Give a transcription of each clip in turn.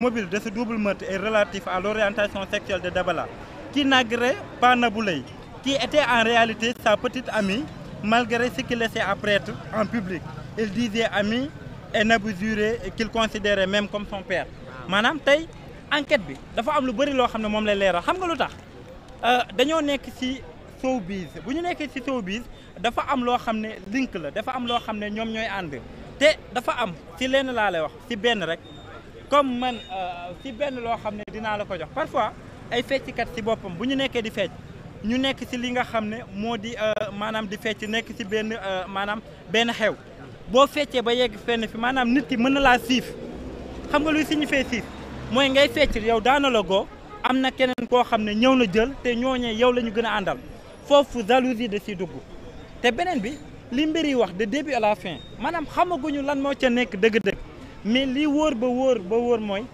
mobile de ce double meurtre est relatif à l'orientation sexuelle de Dabala, pa na pas Naboulay, qui était en réalité sa petite amie, malgré si ce qu'il à apparaître en public. Il disait ami et Nabouzuré qu'il considérait même comme son père. maanaam tey enquête bi dafa am lu bëri loo xam ne moom lay leeral xam nga lu tax euh, dañoo nekk ci showbiz bu ñu nekkee ci showbiz dafa am loo xam ne link la dafa am loo xam ne ñoom ñooy ànd te dafa am ci lenn laa lay wax ci benn rek. comme man euh, ci benn loo xam ne dinaa la ko jox parfois ay fecckat ci boppam bu ñu nekkee di fecc ñu nekk ci li nga xam ne moo di euh, maanaam di fecc nekk ci benn euh, maanaam benn xew boo feccee ba yegg fenn fi maanaam nit ki mën na laa siif xam nga luy signifie siif mooy ngay fecc yow daanala la am na keneen koo xam ne ñëw na jël te ñooñee yow la ñu gën a àndal foofu jalousie de ciy dugg te beneen bi li mbir yi wax de début à la fin maanaam xamaguñu lan moo ca nekk dëgg mais li wóor ba wóor ba wóor mooy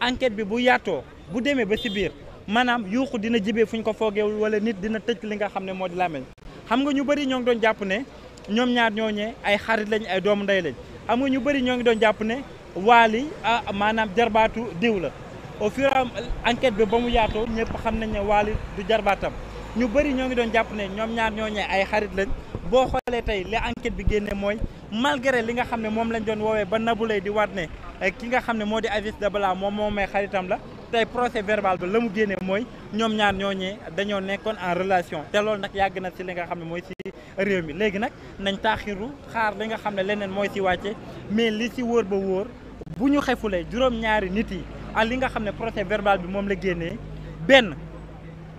enquête bi bu yaatoo bu demee ba ci biir maanaam yuuxu dina jibee fu ñu ko foogeewul wala nit dina tëj li nga xam ne moo di làmmiñ xam nga ñu bëri ñoo ngi doon jàpp ne ñoom ñaar ñooñee ay xarit lañ ay doomu ndey lañ xam ñu bëri ñoo ngi doon jàpp ne waali ah maanaam jarbaatu diw la au fur et enquête bi ba mu yaatoo ñëpp xam nañ ne waali du jarbaatam ñu bëri ñoo ngi doon jàpp ne ñoom ñaar ñooñee ay xarit lañ boo xoolee tey li enquête bi génne mooy malgré li nga xam ne moom lañ doon woowee ba nabu Leye di waat ne eh, ki nga xam ne moo di Aziz balaa moom moom may xaritam la tey procès verbal ba la mu génne mooy ñoom ñaar ñooñee dañoo nekkoon en relation te loolu nag yàgg na ci li nga xam ne mooy ci réew mi léegi nag nañ taaxiru xaar li nga xam ne leneen mooy ci wàcce mais li ci wóor ba wóor bu ñu xefulee juróom-ñaari nit yi ak li nga xam ne procès verbal bi moom la génnee benn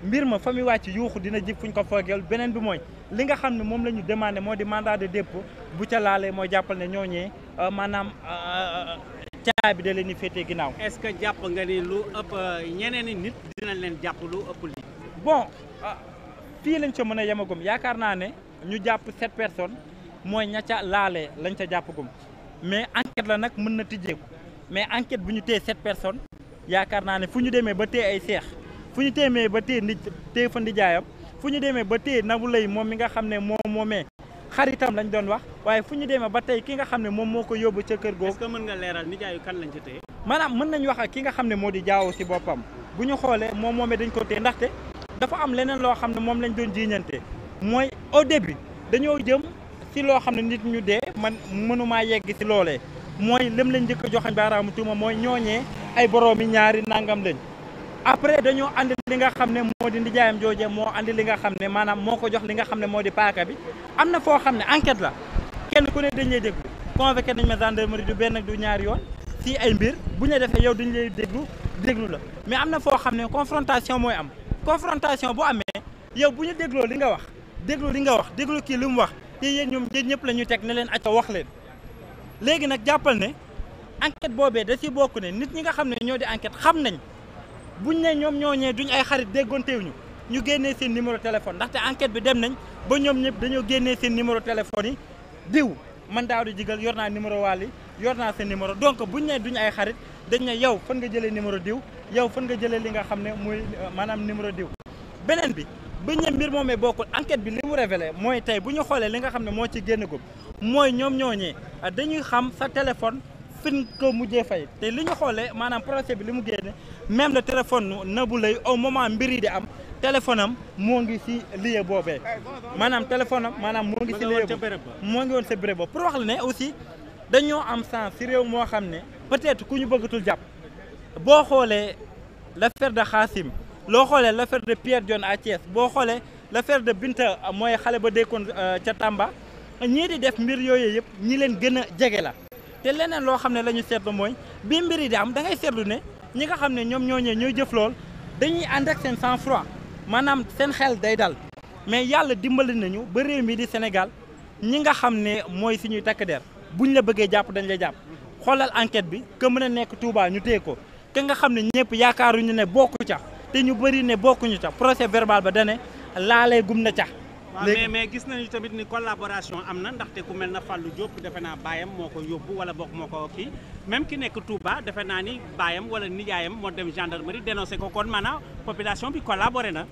mbir ma fa muy wàcc yuuxu dina jib fuñ ko foogeel beneen bi mooy li nga xam ne moom la ñu demandé moo di mandat de dépôt bu ca laalee mooy jàppal ne ñooñee euh, maanaam euh, euh, caabi da leen di féetee ginnaaw. est-ce que jàpp nga ni lu ëpp ñeneen i nit dinañ leen jàpp lu ëpp lii. bon fii lañ ca mën a yemagum yaakaar naa ne ñu jàpp sept personnes mooy ña ca laalee lañ ca jàppagum mais enquête la nag mën na tijjeeku mais enquête bu ñu téye sept personnes yaakaar naa ne fu ñu demee ba téye ay seex. fu ñu téemee ba téye ndi téye fa ndijaayam fu ñu demee ba téye Nabou lay moom mi nga xam ne moom moomee xaritam lañ doon wax waaye fu ñu demee ba tey ki nga xam ne moom moo ko yóbbu ca kër googu. est mën nga leeral nijaayu kan lañ ci téye. maanaam mën nañ wax ak ki nga xam ne moo di jaaw si boppam bu ñu xoolee moom moomee dañ ko téye ndaxte dafa am leneen loo xam ne moom lañ doon jiiñante mooy au début dañoo jëm ci loo xam ne nit ñu dee man mënumaa yegg ci loolee mooy lëm lañ njëkk a joxañ baaraamu tuuma mooy ñooñee ay boroomi ñaari nangam lañ après dañoo andi li nga xam ne moo di ndijaayam joojee moo andi li nga xam ne maanaam moo ko jox li nga xam ne moo di paaka bi am na foo xam ne enquête la kenn ku ne dañ lay déglu convoqué nañ ma gendarmerie du benn du ñaari yoon si ay mbir bu ñu defee yow dañ lay déglu déglu la mais am na foo xam ne confrontation mooy am confrontation bu amee yow bu ñu dégloo li nga wax déglu li nga wax déglu kii lu mu wax te yéen ñoom yéen ñëpp lañu teg ne leen acca wax leen léegi nag jàppal ne enquête boobee da si bokk ne nit ñi nga xam ne ñoo di enquête xam nañ bu ñu ne ñoom ñoo ñooñee duñu ay xarit déggontewuñu ñu génnee seen numéro téléphone ndaxte enquête bi dem nañ ba ñoom ñëpp dañoo génnee seen numéro téléphone yi diw man daaw di jigal yor naa numéro Wally yor naa seen numéro donc bu buñ ne duñ ay xarit dañ ne yow fan nga jëlee numéro diw yow fan nga jëlee li nga xam ne muy euh, maanaam numéro diw beneen bi bañ ne mbir moomee bokkul enquête bi li mu révélé mooy tey bu ñu xoolee li nga xam ne moo ci génn ko mooy ñoom ñoo ñooñee dañuy xam sa téléphone fin ko mujjee fay te li ñu xoolee maanaam procès bi li mu génne même le téléphone Nabou Leye au moment mbir yi di am téléphone am moo ngi si lieu boobee maanaam téléphone am maanaam moo ngi si lieu moo ngi woon sa béréb ba pour wax la ne aussi dañoo am sens si réew moo xam ne peut-être ku ñu bëggatul jàpp boo xoolee l'affaire de Khassim loo xoolee l'affaire de Pierre Dione à Thiès boo xoolee l'affaire de Binta mooy xale ba dékkoon euh, ca tàmba ñii di def mbir yooyu yëpp ñi leen gën a jege la te leneen loo xam ne lañu ñu seetlu mooy bii mbir yi di am da ngay seetlu ne ñi nga xam ne ñoom ñoo ñëwee ñooy jëf lool dañuy ànd ak seen sang froid maanaam seen xel day dal mais yàlla dimbali nañu ba réew mi di Sénégal ñi nga xam ne mooy suñuy takk der bu buñ la bëggee jàpp dañ lay jàpp xoolal enquête bi que mën a nekk Touba ñu téye ko ka nga xam ne ñëpp yaakaaruñu ne bokku ca te ñu bëri ne bokkuñu ca procès verbal ba dane laalee gum na ca léegi mais mais gis nañu tamit ni collaboration am na ndaxte ku mel na Fallou Diop defe naa baayam moo ko yóbbu wala bokk moo ko kii même ki nekk Touba defe naa ni baayam wala nijaayam moo dem gendarmerie dénoncé ko kon maanaam population bi collaboré na.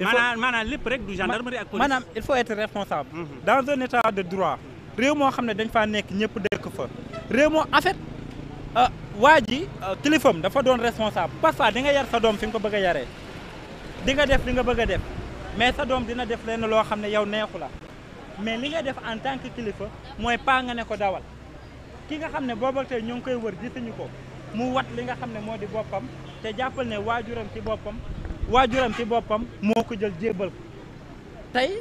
maanaam maanaam lépp rek du gendarmerie ak police. maanaam il faut être responsable. Mhm. dans un état de droit. réew moo xam ne dañ faa nekk ñëpp dëkk fa. réew moo en fait euh, waa ji euh, kilifam dafa doon responsable parfois di nga yar sa doom fi ko bëgg a yaree di nga def nga bëgg a def. mais sa doom dina def lenn loo xam ne yow neexu la mais li ngay def en tant que kilifa mooy paa nga ne ko dawal ki nga xam ne boobal tey ñu ngi koy wër gisuñu ko mu wat li nga xam ne moo di boppam te jàppal ne waajuram ci boppam waajuram ci boppam moo ko jël jébbal ko tey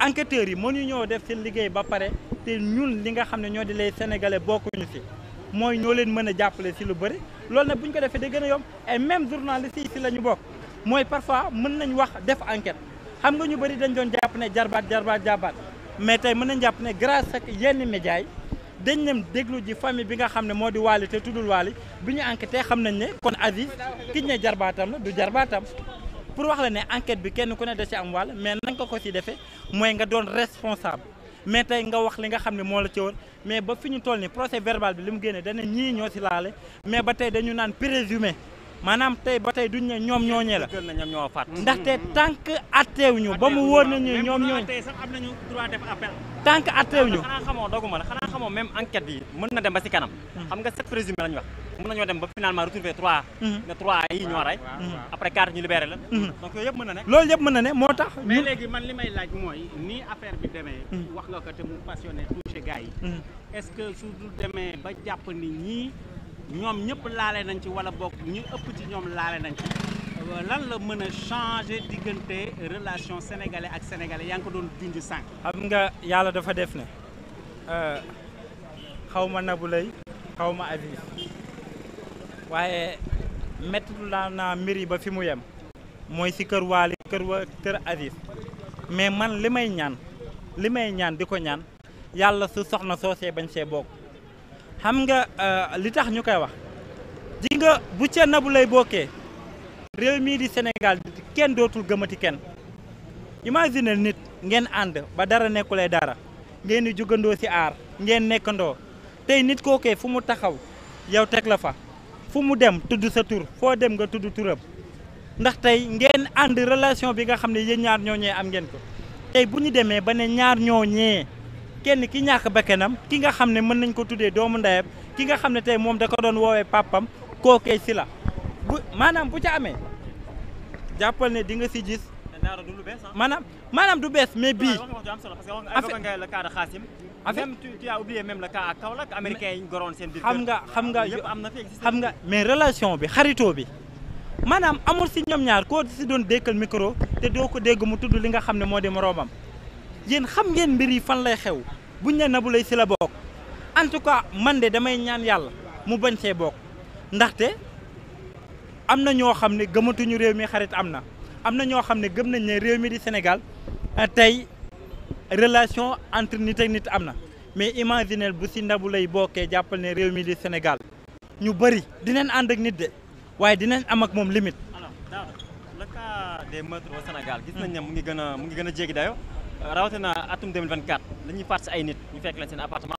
enquêteurs yi mënu ñoo def seen liggéey ba pare te ñun li nga xam ne ñoo di lay sénégalais bokkuñu si mooy ñoo leen mën a jàppale si lu bëri loolu nag bu ko defee da gën a yomb ay même journaliste yi si la ñu bokk mooy parfois mën nañ wax def enquête xam nga ñu bëri dañ doon jàpp ne jarbaat jarbaat jarbaat mais tey mën nañ jàpp ne grâce ak yenn médias yi dañ nem déglu ji famille bi nga xam ne moo di waali te tuddul waali bi ñu enquêté xam nañ ne kon Aziz ki ñu ne jarbaatam la du jarbaatam pour wax la ne enquête bi kenn ku ne da ci am wàll mais nañ ko ko ci defee mooy nga doon responsable mais tey nga wax li nga xam ne moo la ci woon mais ba fi ñu toll ni procès verbal bi li mu génnee dana ñii ñoo ci laale mais ba tey dañu naan présumé maanaam tey ba tey duñ ne ñoom ñooñee la ndaxte hmm. tant que atteew ñu ba mu wóor nañu ñoom ñooñu tant que atteew ñu xanaa xamoo doguma la xanaa xamoo même enquête yi mën na dem ba si kanam hmm. xam nga sept présumé lañu wax mën nañoo dem ba finalement retrouver trois hmm. ne trois yi ñoo rey après quatre ñu libéré la na ne loolu yëpp mën na ne moo tax mais léegi man li may laaj mooy nii affaire bi wax nga ko te mu passionné que su dul demee ba jàpp ni ñii ñoom ñëpp laale nañ ci wala bokk ñu ëpp ci ñoom laale nañ ci euh, lan la mën a changer diggante relation sénégalais ak sénégalais yaa ngi ko doon junj sànq. xam nga yàlla dafa def ne euh, xaw ma Nabou Leye xaw ma Aziz waaye méttitu laa mbir yi ba fi mu yem mooy si kër Waly kër wa kër Aziz mais man li may ñaan li may ñaan di ko ñaan yàlla su soxna soo see bañ see bokk. xam nga euh, li tax ñu koy wax ji nga bu ca Thierno lay bokkee réew mii di Sénégal kenn dootul gëmati kenn imagine nit ngeen ànd ba dara nekkulee dara ngeen di jugandoo ci aar ngeen nekkandoo tey nit kookee fu mu taxaw yow teg la fa fu mu dem tudd sa tur foo dem nga tudd turam ndax tey ngeen ànd relation bi nga xam ne yéen ñaar ñooñee am ngeen ko tey bu ñu demee ba ne ñaar ñooñee kenn ki ñàkk bakkanam ki nga xam ne mën nañ ko tuddee doomu ndeyam ki nga xam ne tey moom da ko doon woowee pàppam kookee si la bu maanaam bu ca amee jàppal ne di nga si gis maanaam maanaam du bees mais bii même tu as oublié même le cas à Kaolack américain yi goroon seen biir xam nga xam nga xam nga mais relation bi xarito bi maanaam amul si ñoom ñaar ko si doon dékkal micro te doo ko dégg mu tudd li nga xam ne moo di moroomam yéen xam ngeen mbir yi fan lay xew buñ ne Nabou Leye si la bokk en tout cas man de damay ñaan yàlla mu bañ see bokk ndaxte am na ñoo xam ne gëmatuñu réew mi xarit am na am na ñoo xam ne gëm nañ ne réew mi di Sénégal eh, tey relation entre nit ak nit am na mais imaginel bu si ndabu lay bokkee jàppal ne réew mi di Sénégal ñu bëri dinañ ànd ak nit de waaye dinañ am ak moom limite. alors le des meurtres au gis nañ ne mu ngi gën a mu ngi gën a jéggi dayo rawatina atum 2024 la ñuy faat si ay nit ñu fekk leen seen appartement